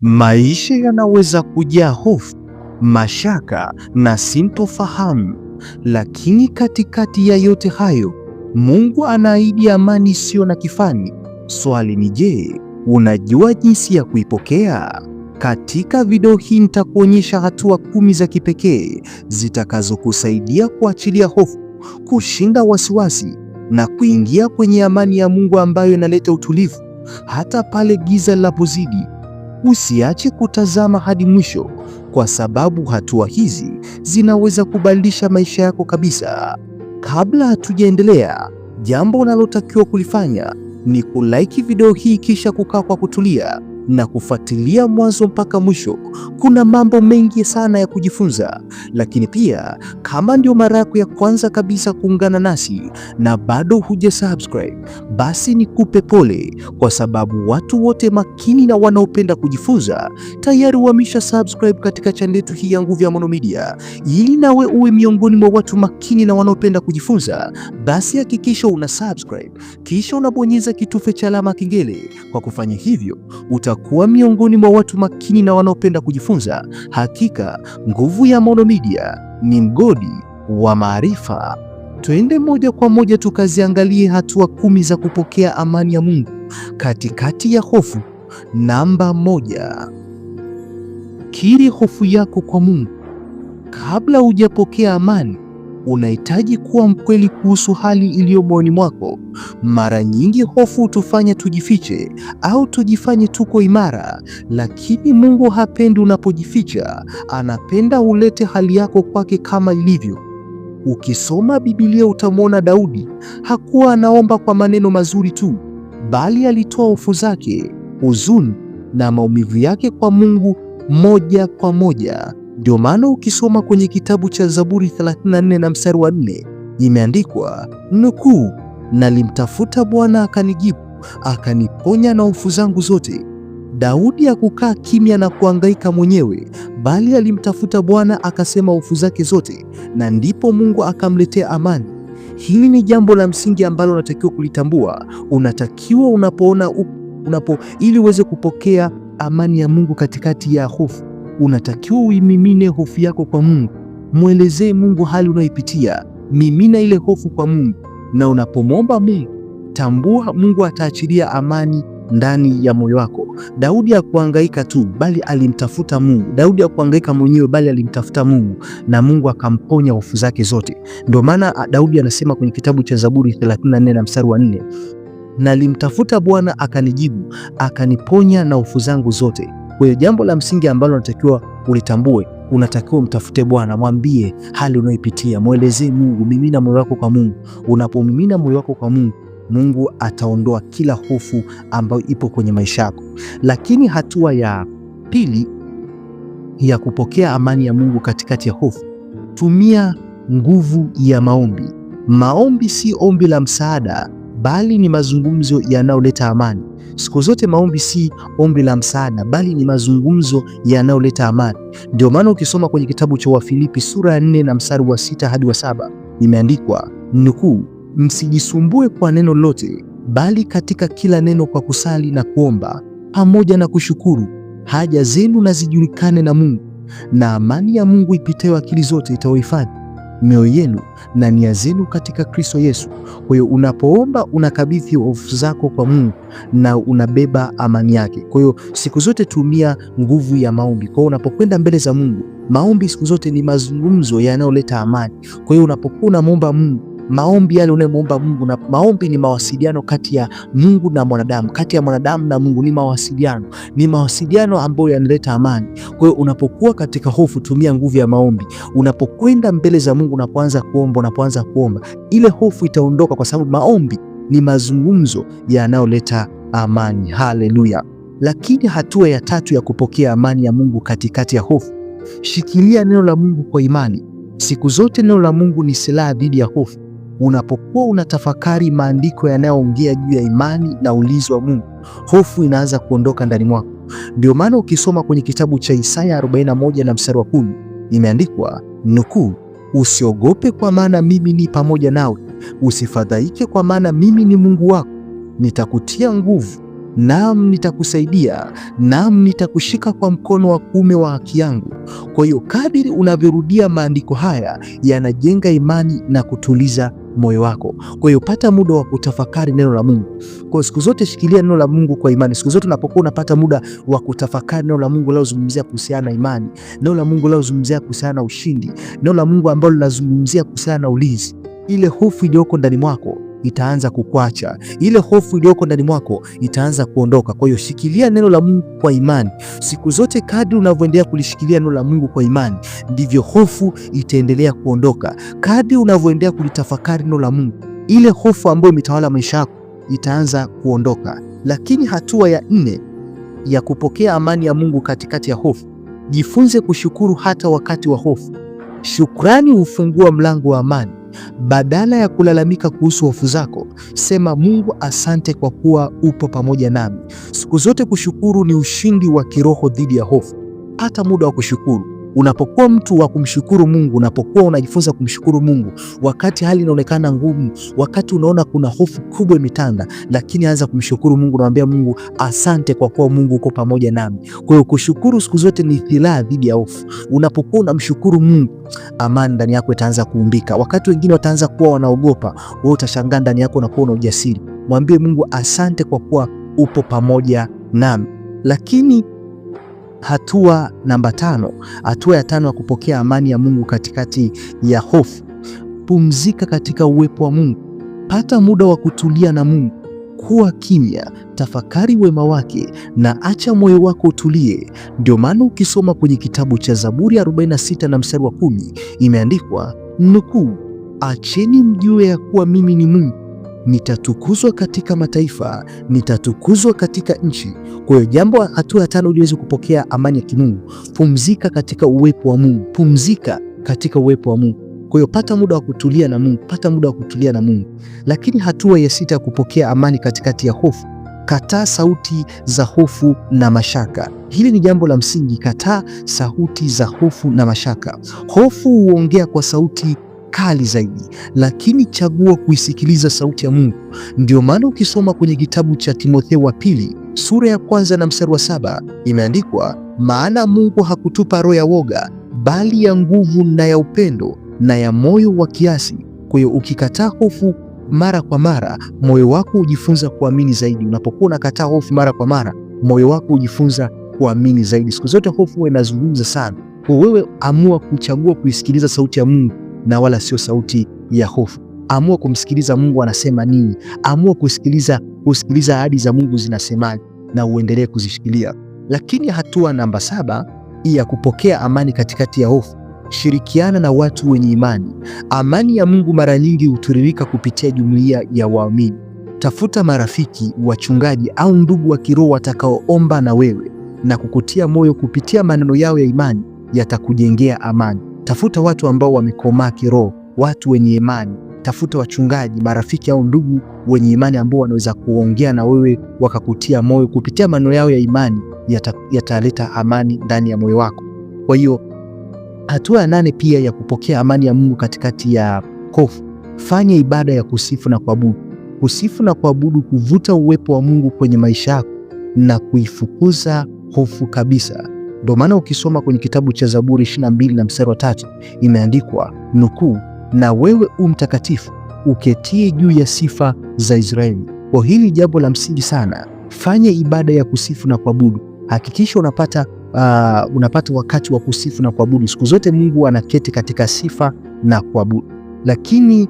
Maisha yanaweza kujaa hofu, mashaka na sintofahamu, lakini katikati ya yote hayo, Mungu anaahidi amani isiyo na kifani. Swali ni je, unajua jinsi ya kuipokea? Katika video hii nitakuonyesha hatua kumi za kipekee zitakazokusaidia kuachilia hofu, kushinda wasiwasi na kuingia kwenye amani ya Mungu ambayo inaleta utulivu hata pale giza linapozidi usiache kutazama hadi mwisho, kwa sababu hatua hizi zinaweza kubadilisha maisha yako kabisa. Kabla hatujaendelea, jambo unalotakiwa kulifanya ni kulike video hii kisha kukaa kwa kutulia na kufuatilia mwanzo mpaka mwisho, kuna mambo mengi sana ya kujifunza. Lakini pia kama ndio mara yako ya kwanza kabisa kuungana nasi na bado huja subscribe, basi nikupe pole, kwa sababu watu wote makini na wanaopenda kujifunza tayari wamesha subscribe katika channel yetu hii ya Nguvu ya Maono Media. Ili nawe uwe miongoni mwa watu makini na wanaopenda kujifunza, basi hakikisha una subscribe kisha unabonyeza kitufe cha alama kengele. Kwa kufanya hivyo uta kuwa miongoni mwa watu makini na wanaopenda kujifunza. Hakika nguvu ya Maono Media ni mgodi wa maarifa. Twende moja kwa moja tukaziangalie hatua kumi za kupokea amani ya Mungu katikati ya hofu. Namba moja: kiri hofu yako kwa Mungu. Kabla hujapokea amani unahitaji kuwa mkweli kuhusu hali iliyo moyoni mwako. Mara nyingi hofu hutufanya tujifiche au tujifanye tuko imara, lakini Mungu hapendi unapojificha. Anapenda ulete hali yako kwake kama ilivyo. Ukisoma Biblia utamwona Daudi hakuwa anaomba kwa maneno mazuri tu, bali alitoa hofu zake, huzuni na maumivu yake kwa Mungu moja kwa moja. Ndio maana ukisoma kwenye kitabu cha Zaburi 34 na mstari wa 4 imeandikwa nukuu, nalimtafuta Bwana akanijibu, akaniponya na hofu zangu zote. Daudi hakukaa kimya na kuangaika mwenyewe, bali alimtafuta Bwana akasema hofu zake zote, na ndipo Mungu akamletea amani. Hili ni jambo la msingi ambalo unatakiwa kulitambua. Unatakiwa unapoona unapo, ili uweze kupokea amani ya Mungu katikati ya hofu unatakiwa uimimine hofu yako kwa Mungu. Mwelezee Mungu hali unayoipitia, mimina ile hofu kwa Mungu, na unapomwomba Mungu tambua, Mungu ataachilia amani ndani ya moyo wako. Daudi hakuhangaika tu, bali alimtafuta Mungu. Daudi hakuhangaika mwenyewe, bali alimtafuta Mungu na Mungu akamponya hofu zake zote. Ndio maana Daudi anasema kwenye kitabu cha Zaburi 34 na mstari wa 4, nalimtafuta Bwana akanijibu, akaniponya na hofu zangu zote. Kwa hiyo jambo la msingi ambalo unatakiwa ulitambue, unatakiwa mtafute Bwana, mwambie hali unayoipitia, mwelezee Mungu, mimina moyo wako kwa Mungu. Unapomimina moyo wako kwa Mungu, Mungu ataondoa kila hofu ambayo ipo kwenye maisha yako. Lakini hatua ya pili ya kupokea amani ya Mungu katikati ya hofu, tumia nguvu ya maombi. Maombi si ombi la msaada, bali ni mazungumzo yanayoleta amani. Siku zote maombi si ombi la msaada, bali ni mazungumzo yanayoleta amani. Ndio maana ukisoma kwenye kitabu cha Wafilipi sura ya 4 na mstari wa sita hadi wa saba imeandikwa nukuu, msijisumbue kwa neno lote bali katika kila neno kwa kusali na kuomba pamoja na kushukuru, haja zenu na zijulikane na Mungu, na amani ya Mungu ipitayo akili zote itawahifadhi mioyo yenu na nia zenu katika Kristo Yesu. Kwa hiyo unapoomba unakabidhi hofu zako kwa Mungu na unabeba amani yake. Kwa hiyo siku zote tumia nguvu ya maombi. Kwa hiyo unapokwenda mbele za Mungu, maombi siku zote ni mazungumzo yanayoleta amani. Kwa hiyo unapokuwa unamwomba Mungu maombi yale unayemuomba Mungu, na maombi ni mawasiliano kati ya Mungu na mwanadamu, kati ya mwanadamu na Mungu ni mawasiliano, ni mawasiliano ambayo yanaleta amani. Kwa hiyo unapokuwa katika hofu, tumia nguvu ya maombi. Unapokwenda mbele za Mungu, unapoanza kuomba, unapoanza kuomba, ile hofu itaondoka, kwa sababu maombi ni mazungumzo yanayoleta amani. Haleluya! Lakini hatua ya tatu ya kupokea amani ya Mungu katikati ya hofu, shikilia neno la Mungu kwa imani. Siku zote neno la Mungu ni silaha dhidi ya hofu. Unapokuwa unatafakari maandiko yanayoongea juu ya imani na ulinzi wa Mungu, hofu inaanza kuondoka ndani mwako. Ndio maana ukisoma kwenye kitabu cha Isaya 41 na mstari wa 10 imeandikwa nukuu, usiogope kwa maana mimi ni pamoja nawe, usifadhaike kwa maana mimi ni Mungu wako, nitakutia nguvu, naam nitakusaidia, naam nitakushika kwa mkono wa kuume wa haki yangu. Kwa hiyo kadiri unavyorudia maandiko haya yanajenga imani na kutuliza moyo wako. Kwa hiyo pata muda wa kutafakari neno la Mungu. Kwa siku zote shikilia neno la Mungu kwa imani. Siku zote unapokuwa unapata muda wa kutafakari neno la Mungu linalozungumzia kuhusiana na imani, neno la Mungu linalozungumzia kuhusiana na ushindi, neno la Mungu ambalo linazungumzia kuhusiana na ulinzi, ile hofu iliyoko ndani mwako itaanza kukwacha, ile hofu iliyoko ndani mwako itaanza kuondoka. Kwa hiyo shikilia neno la Mungu kwa imani siku zote. Kadri unavyoendelea kulishikilia neno la Mungu kwa imani, ndivyo hofu itaendelea kuondoka. Kadri unavyoendelea kulitafakari neno la Mungu, ile hofu ambayo imetawala maisha yako itaanza kuondoka. Lakini hatua ya nne ya kupokea amani ya Mungu katikati ya hofu, jifunze kushukuru hata wakati wa hofu. Shukrani hufungua mlango wa amani. Badala ya kulalamika kuhusu hofu zako, sema Mungu, asante kwa kuwa upo pamoja nami siku zote. Kushukuru ni ushindi wa kiroho dhidi ya hofu. Pata muda wa kushukuru. Unapokuwa mtu wa kumshukuru Mungu, unapokuwa unajifunza kumshukuru Mungu wakati hali inaonekana ngumu, wakati unaona kuna hofu kubwa imetanda, lakini anza kumshukuru Mungu. Unamwambia Mungu asante kwa kuwa Mungu uko pamoja nami. Kwa hiyo kushukuru siku zote ni silaha dhidi ya hofu. Unapokuwa unamshukuru Mungu, amani ndani yako itaanza kuumbika. Wakati wengine wataanza kuwa wanaogopa, wewe utashangaa ndani yako unakuwa na ujasiri. Mwambie Mungu asante kwa kuwa upo pamoja nami. Lakini Hatua namba tano, hatua ya tano ya kupokea amani ya Mungu katikati ya hofu. Pumzika katika uwepo wa Mungu, pata muda wa kutulia na Mungu, kuwa kimya, tafakari wema wake na acha moyo wako utulie. Ndio maana ukisoma kwenye kitabu cha Zaburi 46 na mstari wa kumi imeandikwa nukuu, acheni mjue ya kuwa mimi ni Mungu nitatukuzwa katika mataifa, nitatukuzwa katika nchi. Kwa hiyo jambo, hatua ya tano, uliweze kupokea amani ya kimungu, pumzika katika uwepo wa Mungu, pumzika katika uwepo wa Mungu. Kwa hiyo pata muda wa kutulia na Mungu, pata muda wa kutulia na Mungu. Lakini hatua ya sita ya kupokea amani katikati ya hofu, kataa sauti za hofu na mashaka. Hili ni jambo la msingi, kataa sauti za hofu na mashaka. Hofu huongea kwa sauti kali zaidi, lakini chagua kuisikiliza sauti ya Mungu. Ndio maana ukisoma kwenye kitabu cha Timotheo wa pili sura ya kwanza na mstari wa saba imeandikwa, maana Mungu hakutupa roho ya woga, bali ya nguvu na ya upendo na ya moyo wa kiasi. Kwa hiyo ukikataa hofu mara kwa mara, moyo wako hujifunza kuamini zaidi. Unapokuwa unakataa hofu mara kwa mara, moyo wako hujifunza kuamini zaidi. Siku zote hofu inazungumza sana. Kwa wewe, amua kuchagua kuisikiliza sauti ya Mungu na wala sio sauti ya hofu. Amua kumsikiliza Mungu anasema nini, amua kusikiliza kusikiliza ahadi za Mungu zinasemaje, na uendelee kuzishikilia. Lakini hatua namba saba ya kupokea amani katikati ya hofu, shirikiana na watu wenye imani. Amani ya Mungu mara nyingi hutiririka kupitia jumuiya ya waamini. Tafuta marafiki, wachungaji au ndugu wa kiroho watakaoomba na wewe na kukutia moyo kupitia maneno yao ya imani, yatakujengea amani. Tafuta watu ambao wamekomaa kiroho, watu wenye imani. Tafuta wachungaji, marafiki au ndugu wenye imani ambao wanaweza kuongea na wewe wakakutia moyo kupitia maneno yao ya imani, yataleta yata amani ndani ya moyo wako. Kwa hiyo hatua ya nane pia ya kupokea amani ya Mungu katikati ya hofu, fanya ibada ya kusifu na kuabudu. Kusifu na kuabudu kuvuta uwepo wa Mungu kwenye maisha yako na kuifukuza hofu kabisa. Ndio maana ukisoma kwenye kitabu cha Zaburi 22 na mstari wa tatu imeandikwa nukuu, na wewe u mtakatifu uketie juu ya sifa za Israeli. Kwa hili jambo la msingi sana, fanye ibada ya kusifu na kuabudu. Hakikisha unapata uh, unapata wakati wa kusifu na kuabudu. Siku zote Mungu anaketi katika sifa na kuabudu. Lakini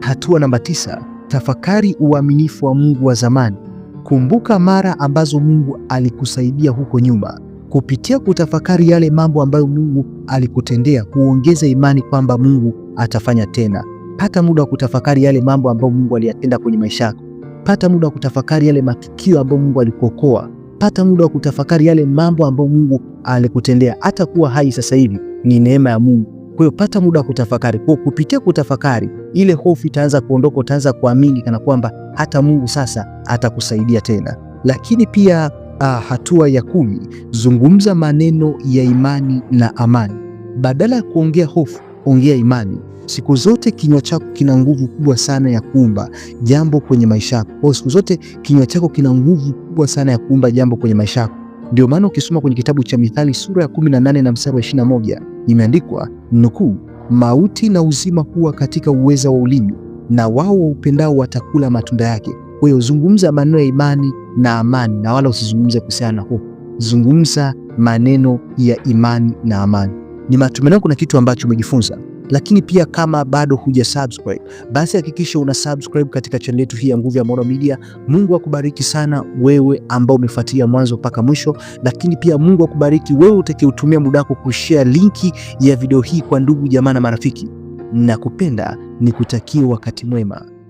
hatua namba tisa, tafakari uaminifu wa Mungu wa zamani. Kumbuka mara ambazo Mungu alikusaidia huko nyuma kupitia kutafakari yale mambo ambayo Mungu alikutendea, kuongeza imani kwamba Mungu atafanya tena. Pata muda wa kutafakari yale mambo ambayo Mungu aliyatenda kwenye maisha yako. Pata muda wa kutafakari yale matukio ambayo Mungu alikuokoa. Pata muda wa kutafakari yale mambo ambayo Mungu alikutendea. Hata kuwa hai sasa hivi ni neema ya Mungu. Kwa hiyo pata muda wa kutafakari. Kwa kupitia kutafakari, ile hofu itaanza kuondoka, utaanza kuamini kana kwamba hata Mungu sasa atakusaidia tena. Lakini pia a, hatua ya kumi, zungumza maneno ya imani na amani. Badala ya kuongea hofu, ongea imani. Siku zote kinywa chako kina nguvu kubwa sana ya kuumba jambo kwenye maisha yako. Kwa siku zote kinywa chako kina nguvu kubwa sana ya kuumba jambo kwenye maisha yako. Ndio maana ukisoma kwenye kitabu cha Mithali sura ya 18 na mstari wa 21 imeandikwa nukuu, mauti na uzima huwa katika uweza wa ulimi na wao waupendao watakula matunda yake. Kwa hiyo zungumza maneno ya imani na amani, na wala usizungumze kuhusiana na hofu. Zungumza maneno ya imani na amani. Ni matumaini kuna kitu ambacho umejifunza, lakini pia kama bado huja subscribe, basi hakikisha una subscribe katika channel yetu hii ya Nguvu ya Maono Media. Mungu akubariki sana wewe ambao umefuatia mwanzo mpaka mwisho, lakini pia Mungu akubariki wewe utakayeutumia muda wako kushare linki ya video hii kwa ndugu, jamaa na marafiki. Nakupenda, nikutakie wakati mwema.